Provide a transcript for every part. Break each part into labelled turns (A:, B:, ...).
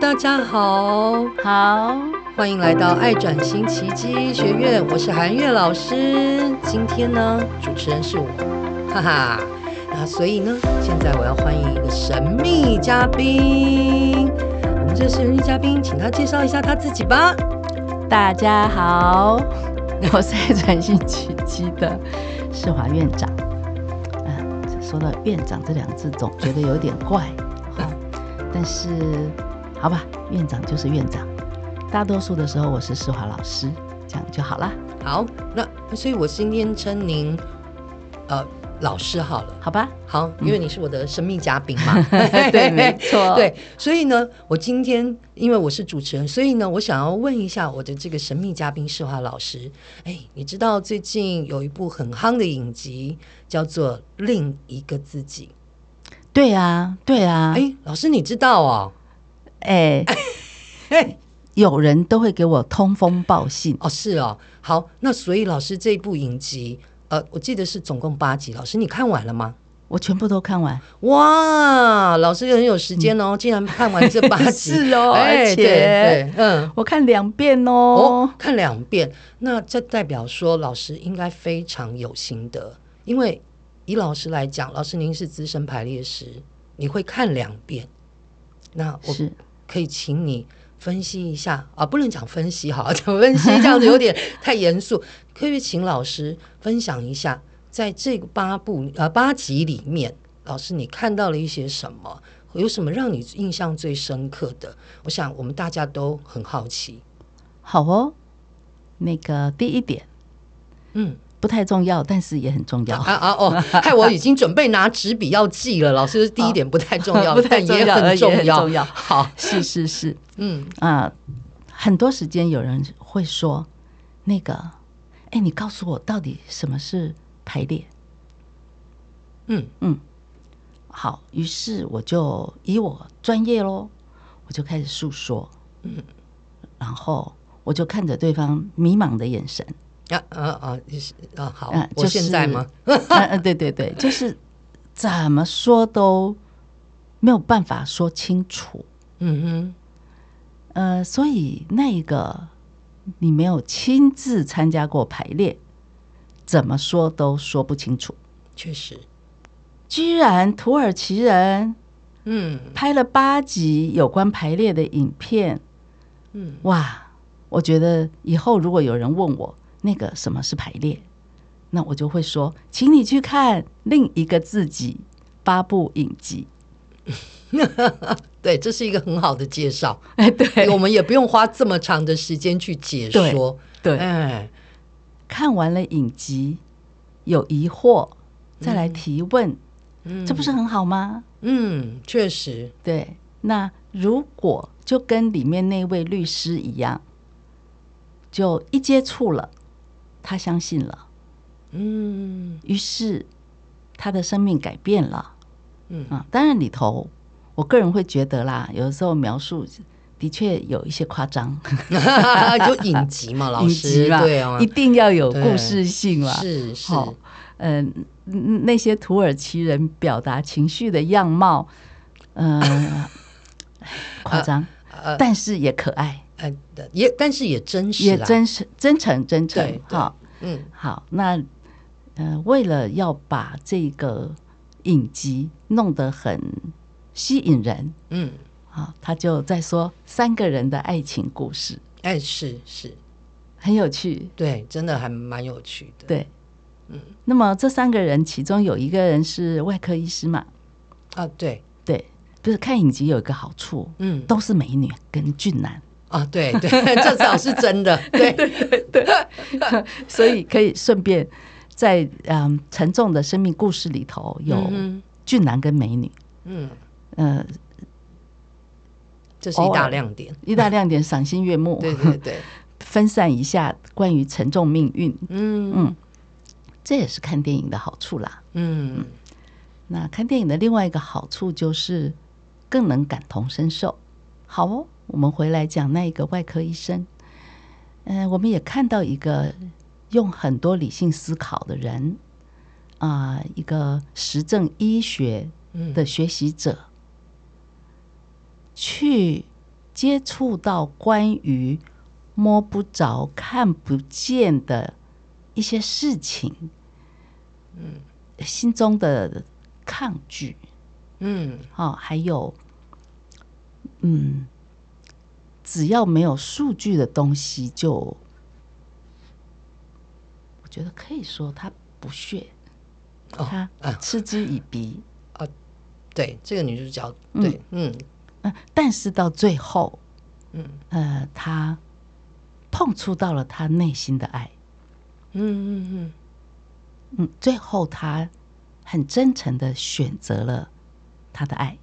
A: 大家好，好，歡迎來到愛轉心奇蹟學院，我是韓玥老師。今天呢，主持人是我，哈哈。那所以呢，現在我要歡迎一個神秘嘉賓。我們這是神秘嘉賓，請他介紹一下他自己吧。
B: 大家好，我是愛轉心奇蹟的世華院長。嗯，說到院長這兩個字，總覺得有點怪，好、 嗯，但是。好吧，院長就是院長。大多數的時候我是世華老師，這樣就好了。
A: 好，那所以，我今天稱您，呃，老師好了。好吧，好，因為你是我的神秘嘉賓嘛。嗯、 對， 沒錯。對，所以呢，我今天因為我是主持人，所以呢，我想要問一下我的這個神秘嘉賓世華老師。誒，你知道最近有一部很夯的影集叫做《另一個自己》？
B: 對啊，對啊。哎，老
A: 師，你知道哦？
B: 哎， 哎，有人都會給我通風報
A: 信哦。是哦，好，那所以老師這部影集，呃，我記得是總共八集。老師，你看完了嗎？我全部都看完。哇，老師很有時間哦，嗯、竟然看完這八集 是哦，哎、而且嗯，我看兩遍哦，哦，看兩遍，那這代表說老師應該非常有心得，因為以老師來講，老師您是資深排列師，你會看兩遍，那我是。可以請你分析一下啊，不能講分析哈，講分析這樣子有點太嚴肅。 可以請老師分享一下，在這個八部呃八集裡面，老師你看到了一些什麼？有什麼讓你印
B: 象最深刻的？我想我們大家都很好奇。好哦，那個第一點，嗯。不太重要，但是也很重要啊啊哦！
A: 害我已經準備拿紙筆要記了。老師，第一點不太重要， 不太重要但也很重要。重要。
B: 好，是是是，
A: 嗯
B: 啊，很多時間有人會說，那個，哎，你告訴我到底什麼是排列？嗯嗯，好，於是我就以我專業嘍，我就開始訴說，嗯，然後我就看着對方迷茫的眼神。
A: 啊啊啊！你、啊、是啊，好，啊就是、我現在嗎？
B: 嗯 嗯、啊，對對對，就是怎麼說都沒有辦法說清楚。嗯哼，呃，所以那個你沒有親自參加過排練，怎麼說都說不清楚。確實，居然土耳其人，嗯，拍了八集有關排列的影片。嗯，哇，我覺得以後如果有人問我。那個什麼是排列？那我就會說，請你去看另一個自己八部影集。 對，
A: 這是一個很好的介紹。哎，對、欸、我們也不用花這麼長的時間去解說。對，
B: 對哎，看完了影集有疑惑，
A: 再來
B: 提問，嗯，這不是很好嗎？嗯，確實，對。那如果就跟裡面那位律師一樣，就一接觸了，他相信了，嗯，於是他的生命改變了，嗯啊，當然裡頭，我個人會覺得啦，有時候描述的確有一些誇張， 就影集嘛，老師，影集嘛，對嘛，一定要有故事性是是，嗯、哦呃，那些土耳其人表達情緒的樣貌，嗯，誇張，但是也可愛。也，但是也真實，也真實，真誠，真誠。對，對哦、嗯，好，那，呃，為了要把這個影集弄得很吸引人，
A: 嗯，
B: 好、哦，他就在說三個人的愛情故事，哎，是是，很有趣，對，
A: 真的還蠻有趣的，對，嗯，
B: 那麼這三個人其中有一個人是外科醫師嘛？啊，對，對，不、就是看影集有一個好處，嗯，都是美女跟俊男。
A: 啊，對對，至少是真的， 對
B: 對對 所以可以順便在嗯、呃、沉重的生命故事裡頭有俊男跟美女，嗯呃，
A: 這是一大亮點，
B: 哦、一大亮點，賞心悅目， 對對對，分散一下關於沉重命運，嗯嗯，這也是看電影的好處啦，嗯，嗯，那看電影的另外一個好處就是更能感同身受，好哦。我們回來講那一個外科醫生，嗯、呃，我們也看到一個用很多理性思考的人，啊、呃，一個實證醫學的學習者，嗯、去接觸到關於摸不着、看不見的一些事情，嗯、心中的抗拒，嗯、哦，還有，嗯。只要沒有數據的東西，就我覺得可以說他不屑，
A: 他嗤之以鼻。啊，對，這個女主角，
B: 對，嗯，但是到最後，嗯，呃，他碰觸到了他內心的愛，嗯嗯嗯，嗯，最後他很真誠的選擇了他的愛，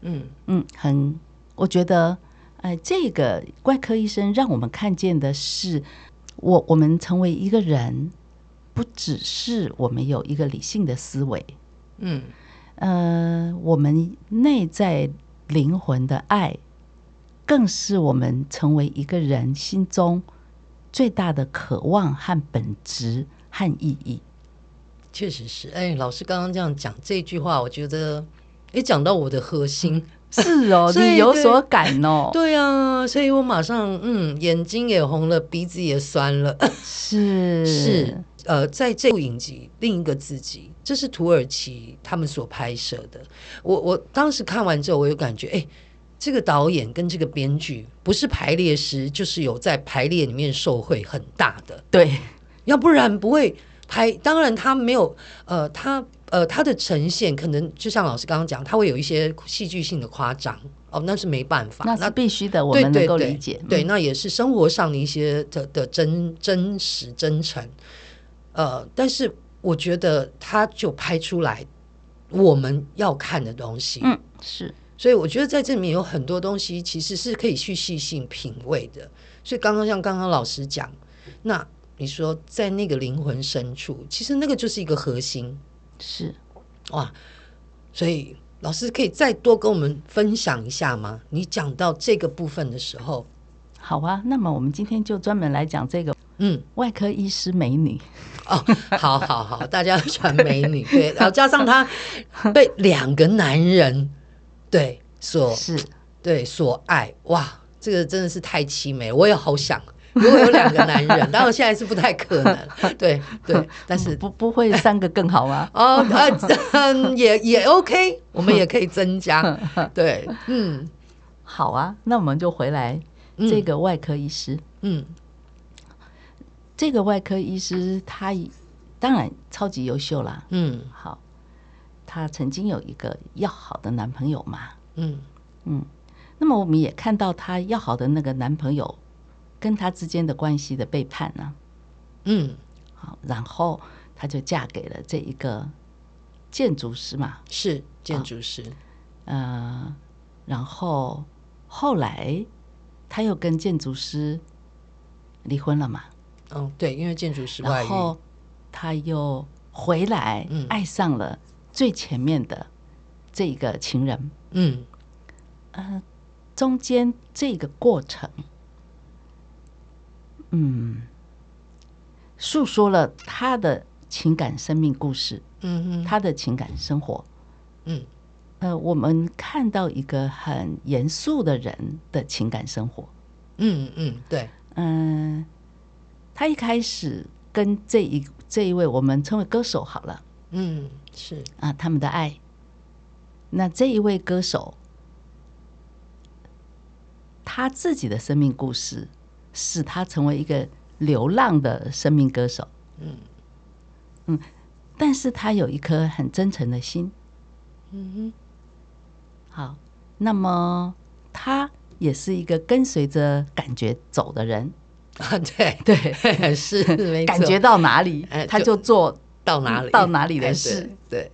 B: 嗯嗯，很，我覺得。哎，這個外科醫生讓我們看見的是，我我們成為一個人，不只是我們有一個理性的思維，嗯呃，我們內在靈魂的愛，更是我們成為一個人心中最大的渴望和本質和意義。確實是，哎，
A: 老師剛剛這樣講這句話，我覺得也講到我的核心。嗯是哦，你有所感哦。對啊，所以我馬上嗯，眼睛也紅了，鼻子也酸了。是是，呃，在這部影集另一個自己，這是土耳其他們所拍攝的。我我當時看完之後，我有感覺，哎，這個導演跟這個編劇不是排列師，就是有在排列裡面受惠很大的。對，要不然不會拍。當然，他沒有，呃，他。呃，它的呈現可能就像老師剛剛講，它會有一些戲劇性的誇張哦，那是沒辦法，那是
B: 必須的，那我們能夠理解。對，那
A: 也是生活上的一些的的真真實真誠。呃，但是我覺得它就拍出來我們要看的東西，嗯，是。所以我覺得在這裡面有很多東西其實是可以去細細品味的。所以剛剛像剛剛老師講，那你說在那個靈魂深處，其實那個就是一個核心。是，哇！所以老師可以再多跟我們分享一下
B: 嗎？你講到這個部分的時候，好啊，那麼我們今天就專門來講這個，嗯，外科醫師美女。哦、嗯，oh,
A: 好好好， 大家傳美女 對，然後加上她被兩個男人對所是對所愛，哇，這個真的是太淒美了，我也好想。 如果有兩個男人，然後現在是不太可能。 對對，但是、嗯、不不會三個更好啊？ 哦，啊，嗯、也也 OK，
B: 我們也可以增加。 對，嗯，好啊，那我們就回來、嗯、這個外科醫師。
A: 嗯，
B: 這個外科醫師他當然超級優秀啦。嗯，好，他曾經有一個要好的男朋友嘛。嗯嗯，那麼我們也看到他要好的那個男朋友。跟他之間的關係的背叛呢、啊？嗯，好，然後她就嫁給了這一個建築師嘛，是建築師、哦。呃，然後後來她又跟建築師離婚了嘛？嗯、哦，對，因為建築師。然後她又回來，嗯，愛上了最前面的這一個情人。嗯，呃，中間這個過程。嗯，訴說了他的情感生命故事，嗯嗯哼，他的情感生活，嗯，呃，我們看到一個很嚴肅的人的情感生活，
A: 嗯嗯，對，
B: 嗯，他一開始跟這一這一位我們稱為歌手好了，嗯，
A: 是
B: 啊，他們的愛，那這一位歌手，他自己的生命故事，使他成為一個流浪的生命歌手，嗯，嗯但是他有一顆很真誠的心，嗯哼，好，那麼他也是一個跟隨着感覺走的人，啊、對對，是， 感覺到哪裡，他就做就到哪裡、嗯，到哪裡的事，對。對對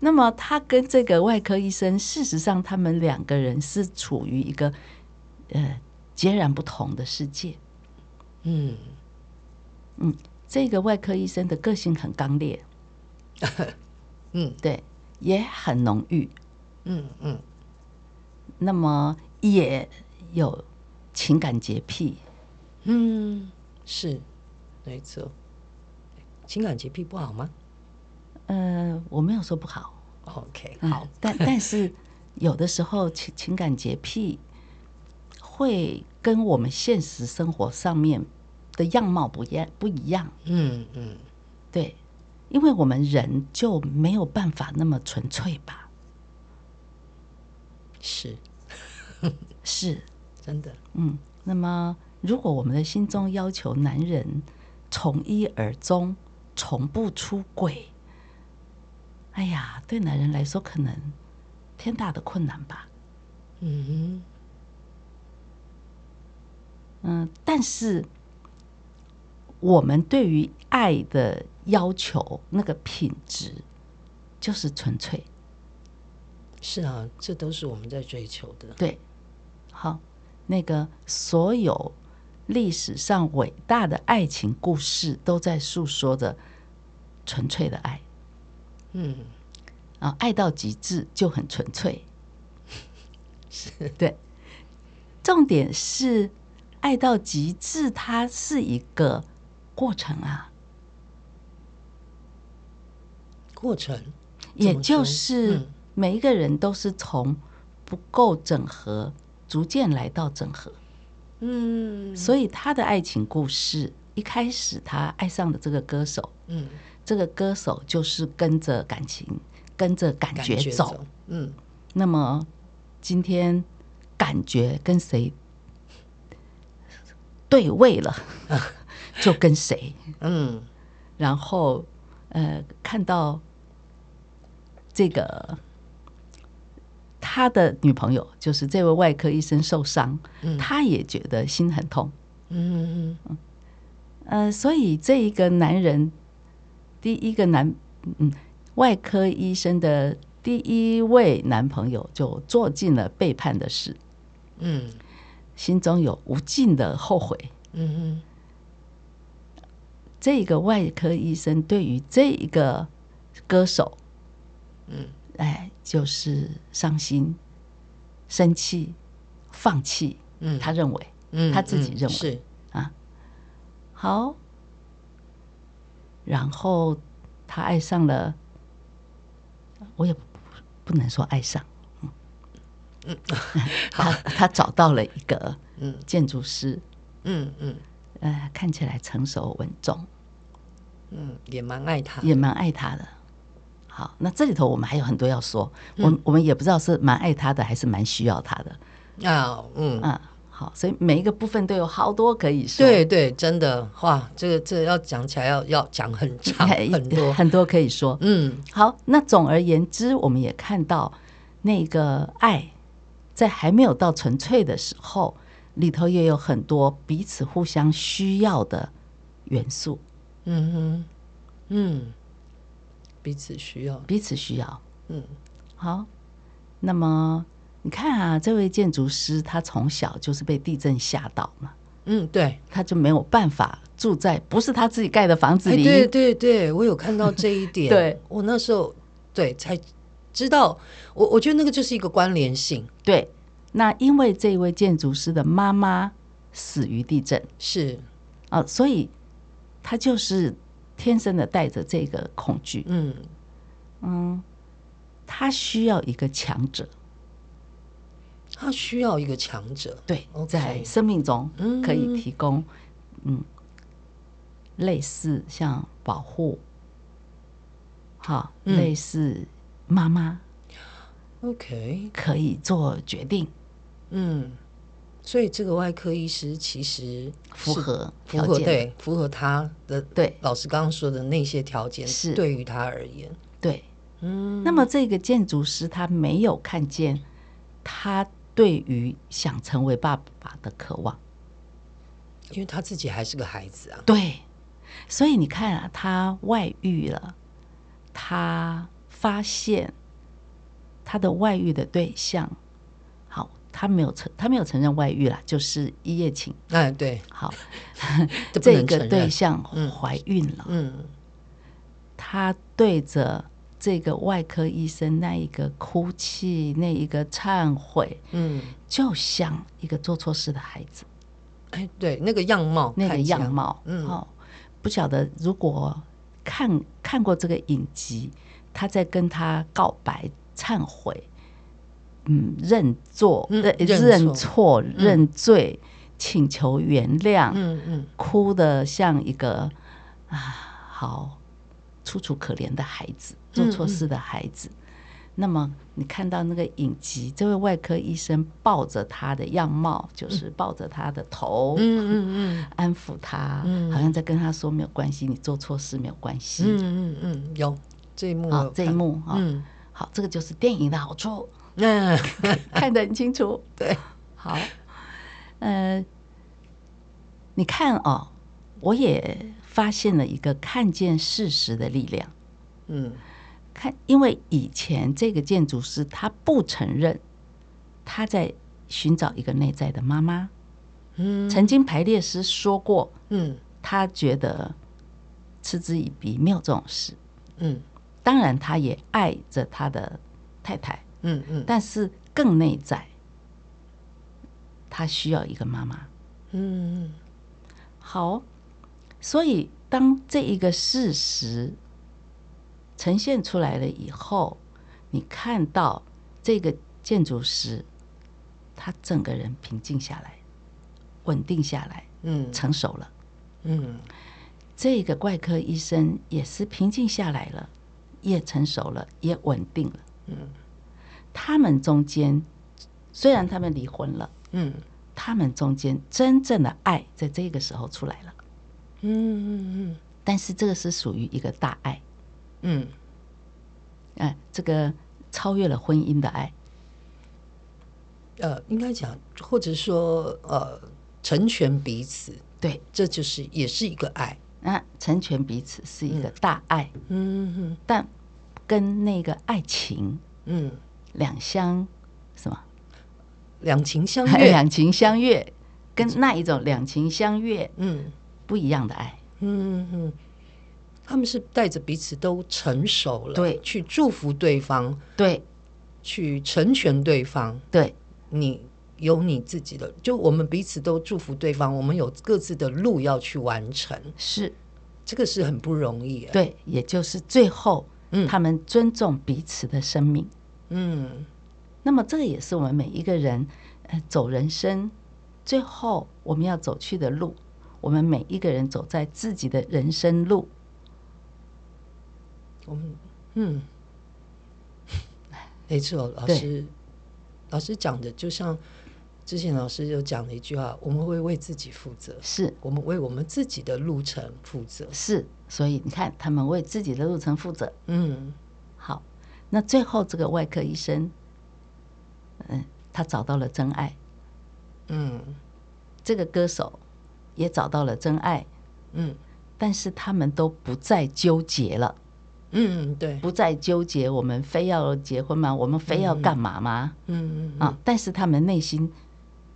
B: 那麼他跟這個外科醫生，事實上，他們兩個人是處於一個，呃。截然不同的世界，嗯嗯，這個外科醫生的個性很剛烈， 嗯，對，也很濃郁，嗯嗯，嗯那麼也有情感潔癖，嗯，是沒錯，情感潔癖不好嗎？呃，我沒有說不好，OK，好， 嗯、但但是有的時候情情感潔癖會。跟我們現實生活上面的樣貌不一樣不一樣，嗯嗯，嗯對，因為我們人就沒有辦法那麼純粹吧，是是， 是真的，嗯。那麼，如果我們的心中要求男人從一而終，從不出軌，哎呀，對男人來說可能天大的困難吧，嗯。嗯，但是我們對於愛的要求，那個品質就是純粹。
A: 是啊，這都是我們在追
B: 求的。對，好，那個所有歷史上偉大的愛情故事，都在訴說着純粹的愛。嗯，啊，愛到極致就很純粹。是對，重點是。愛到極致，它是一個過程啊，過程，也就是每一個人都是從不夠整合，逐漸來到整合。嗯，所以他的愛情故事一開始，他愛上了這個歌手。這個歌手就是跟着感情，跟着感覺走。嗯，那麼今天感覺跟誰？對位了， 就跟誰？嗯，然後呃，看到這個他的女朋友，就是這位外科醫生受傷，嗯、他也覺得心很痛。嗯嗯、呃、所以這一個男人，第一個男嗯，外科醫生的第一位男朋友就做盡了背叛的事。嗯。心中有無盡的後悔，嗯嗯哼，這個外科醫生對於這一個歌手，嗯，哎，就是傷心、生氣、放棄，嗯，他認為，嗯，他自己認為、嗯、是啊，好，然後他愛上了，我也不不能說愛上。嗯、 好他他找到了一個建築師，嗯嗯，呃，看起來成熟穩重，嗯，
A: 也蠻愛他，也蠻
B: 愛他的。好，那這裡頭我們還有很多要說，嗯、我我們也不知道是蠻愛他的還是蠻需要他的。
A: 啊嗯嗯，
B: 好，所以每一個部分都有好多可以說，對對，真的，哇，這個這個、要講起來要要講很長很多也很多可以說，嗯，好，那總而言之，我們也看到那個愛。在還沒有到純粹的時候，裡頭也有很多彼此互相需要的元素。嗯哼，嗯，彼此需要，彼此需要。嗯，好。那麼你看啊，這位建築師他從小就是被地震嚇倒嘛。嗯，對，他就沒有辦法住在不是他自己蓋的房子裡。欸、
A: 對對對，我有看到這一點。 對，我
B: 那時候對才。知道我，我覺得那個就是一個關聯性。對，那因為這位建築師的媽媽死於地震。是啊、哦，所以他就是天生的帶着這個恐懼。嗯嗯，他需要一個強者，他需要一個強者。對，Okay 在生命中可以提供，嗯、嗯，類似像保護，好、哦，嗯、類似。媽媽，OK，可以做決定。
A: 嗯，所以這個外科醫師其實是符合條件符合對，符合他的對，老師剛剛說的那些條件是對於他而言
B: 對，嗯。那麼這個建築師他沒有看見他對於想成為爸爸的渴望，
A: 因為他自己還是個孩子啊。
B: 對，所以你看啊，他外遇了，他。發現他的外遇的對象，好，他沒有承，他沒有承認外遇啦，就是一夜情。哎，對，好， 這，這個對象懷孕了。嗯，嗯，他對着這個外科醫生那一個哭泣，那一個懺悔，嗯，就像一個做錯事的孩子。哎，對，那個樣貌，那個樣貌，嗯、哦，不曉得如果看，看看過這個影集。他在跟他告白、懺悔，嗯，認錯、嗯、認錯、認罪，嗯、認罪，請求原諒，嗯嗯、哭得像一個啊，好楚楚可憐的孩子，做錯事的孩子。嗯嗯、那麼你看到那個影集，這位外科醫生抱着他的樣貌，就是抱着他的頭，嗯嗯嗯，安撫他，嗯、好像在跟他說：“沒有關係，你做錯事沒有關係。”嗯嗯嗯嗯，有。這一幕、哦，這一幕，嗯、哦，好，這個就是電影的好處，嗯，看，看得很清楚， 對，好，呃，你看哦，我也發現了一個看見事實的力量，嗯，看，因為以前這個建築師他不承認，他在尋找一個內在的媽媽，嗯，曾經排列師說過，嗯，他覺得嗤之以鼻，沒有這種事，嗯。當然，他也愛着他的太太，嗯嗯，嗯，但是更內在，他需要一個媽媽，嗯嗯，嗯好，所以當這一個事實呈現出來了以後，你看到這個建築師，他整個人平靜下來，穩定下來，嗯，成熟了，嗯，這個外科醫生也是平靜下來了。也成熟了，也穩定了。嗯，他們中間雖然他們離婚
A: 了，
B: 嗯，他們中間真正的愛在這個時候出來了。嗯嗯嗯，但是這個是屬於一個大愛。嗯，哎、啊，這個超越了婚姻的愛。呃，應該講，或者說，呃，成全彼此，對，這就是也是一個愛。那成全彼此是一個大愛，嗯，嗯嗯，但跟那個愛情，嗯，兩相什麼？兩情相悅，兩情相悅，嗯、跟那一種兩情相悅，嗯，不一樣的愛，嗯嗯，嗯，他們是帶着彼此都成熟了，
A: 對，去祝福對方，對，去成全對方，對你。有你自己的，就我們彼此都祝福對方。我們有各自的路要去
B: 完成，是這個是很不容易。對，也就是最後，他們尊重彼此的生命。嗯，那麼這個也是我們每一個人，呃，走人生最後我們要走去的路。我們每一個人走在自己的人生路。我們嗯， 沒錯，老師，
A: 對老師講的就像。之前老師就講了一句話，我們會為自己負責，是，我們為我們自
B: 己的路程負責，是。所以你看，他們為自己的路程負責，嗯，好。那最後這個外科醫生，嗯，他找到了真愛，嗯，這個歌手也找到了真愛，嗯，但是他們都不再糾結了，嗯，對，不再糾結我們非要結婚嗎？我們非要幹嘛嗎？嗯，嗯
A: 嗯嗯啊，
B: 但是他們內心。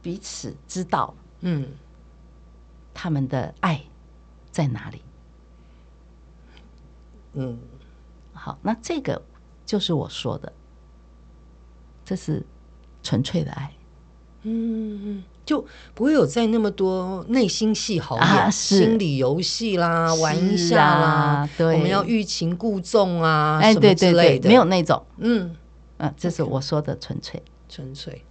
B: 彼此知道，嗯，他們的愛在哪裡。嗯，好，那這個就是我說的，這是純粹的愛。嗯
A: 嗯，就不會有在那麼多內心戲好演，啊、心理遊戲啦，啦玩一下啦，對我們要欲擒故縱啊，哎，什麼之類的，對對對，沒有那
B: 種，嗯、啊，這是我說的純粹，純、okay, 粹。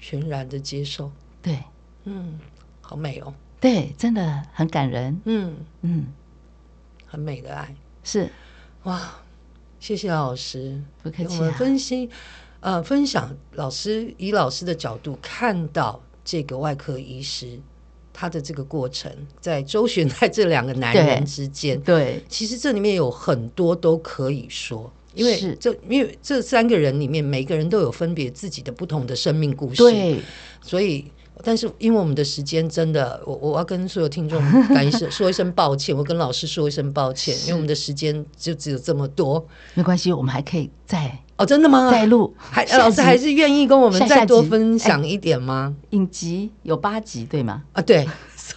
B: 全然的接受，對，嗯，好美哦！對，真的很感人，嗯嗯，
A: 嗯，很美的愛，是哇，謝謝老師，不客氣啊。我們分析，呃，分享老師以老師的角度看到這個外科醫師他的這個過程，在周旋在這兩個男人之間，對，對，其實這裡面有很多都可以說。因為這，是因為這三個人裡面，每個人都有分別自己的不同的生命故事，對所以，但是，因為我們的時間真的，我我要跟所有聽眾講一聲說一聲抱歉， 我跟老師說一聲抱歉，是因為我們的時間就只有這麼多。
B: 沒關係，我們還可以再，
A: 哦，真的嗎？再
B: 錄？還集老師還是願意跟我們再多分享一
A: 點嗎？集哎、影集有八集，對嗎？啊，對。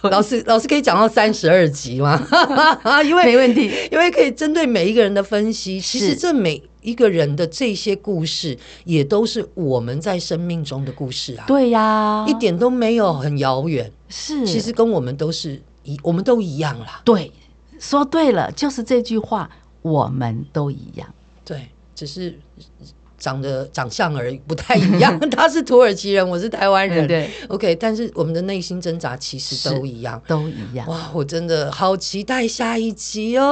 A: 老師，老師可以講到三十二集嗎？ 因為 沒問題，因為可以針對每一個人的分析。是其實這每一個人的這些故事，也都是我們在生命中的故事啊。對
B: 呀、啊，一
A: 點都沒有很遙遠。是，其實跟我們都是一，
B: 我們都一樣啦。對，說對了，就是這句話，我們都一樣。
A: 對，只是。長得長相而已不太一
B: 樣， 他是土耳
A: 其人，我是台灣人。嗯、對，OK，但是我們的內心掙扎其實都一
B: 樣，都一
A: 樣。哇，我真的好期待下一集哦！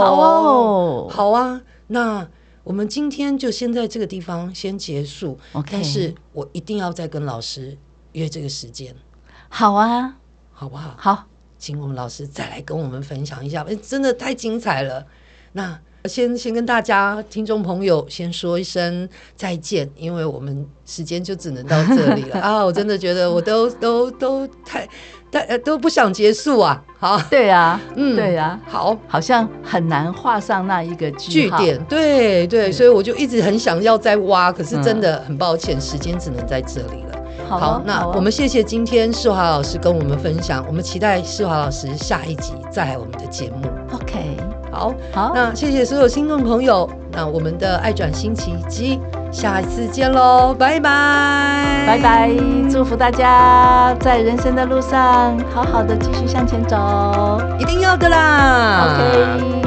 A: 好啊、哦，好啊。那我們今天就先在這個地方先結束。Okay 但是我一定要再跟老師約這個時間。好啊，好不好？好，請我們老師再來跟我們分享一下。真的太精彩了。那。先先跟大家聽眾朋友先說一聲再見，因為我們時間就只能到這裡了啊！我真的覺得我都都都太、大家都不想結束啊！好，對啊，嗯，對啊，好，好像很難畫上那一個句點。對對，所以我就一直很想要再挖，可是真的很抱歉，時間只能在這裡了。好，那我們謝謝今天世華老師跟我們分享，我們期待世華老師下一集再來我們的節目。好，好，那謝謝所有聽眾朋友。那我們的愛轉心奇蹟，下次見嘍，拜拜，拜
B: 拜，祝福大家在人生的路上好好的繼續向前走，一定要的啦。OK。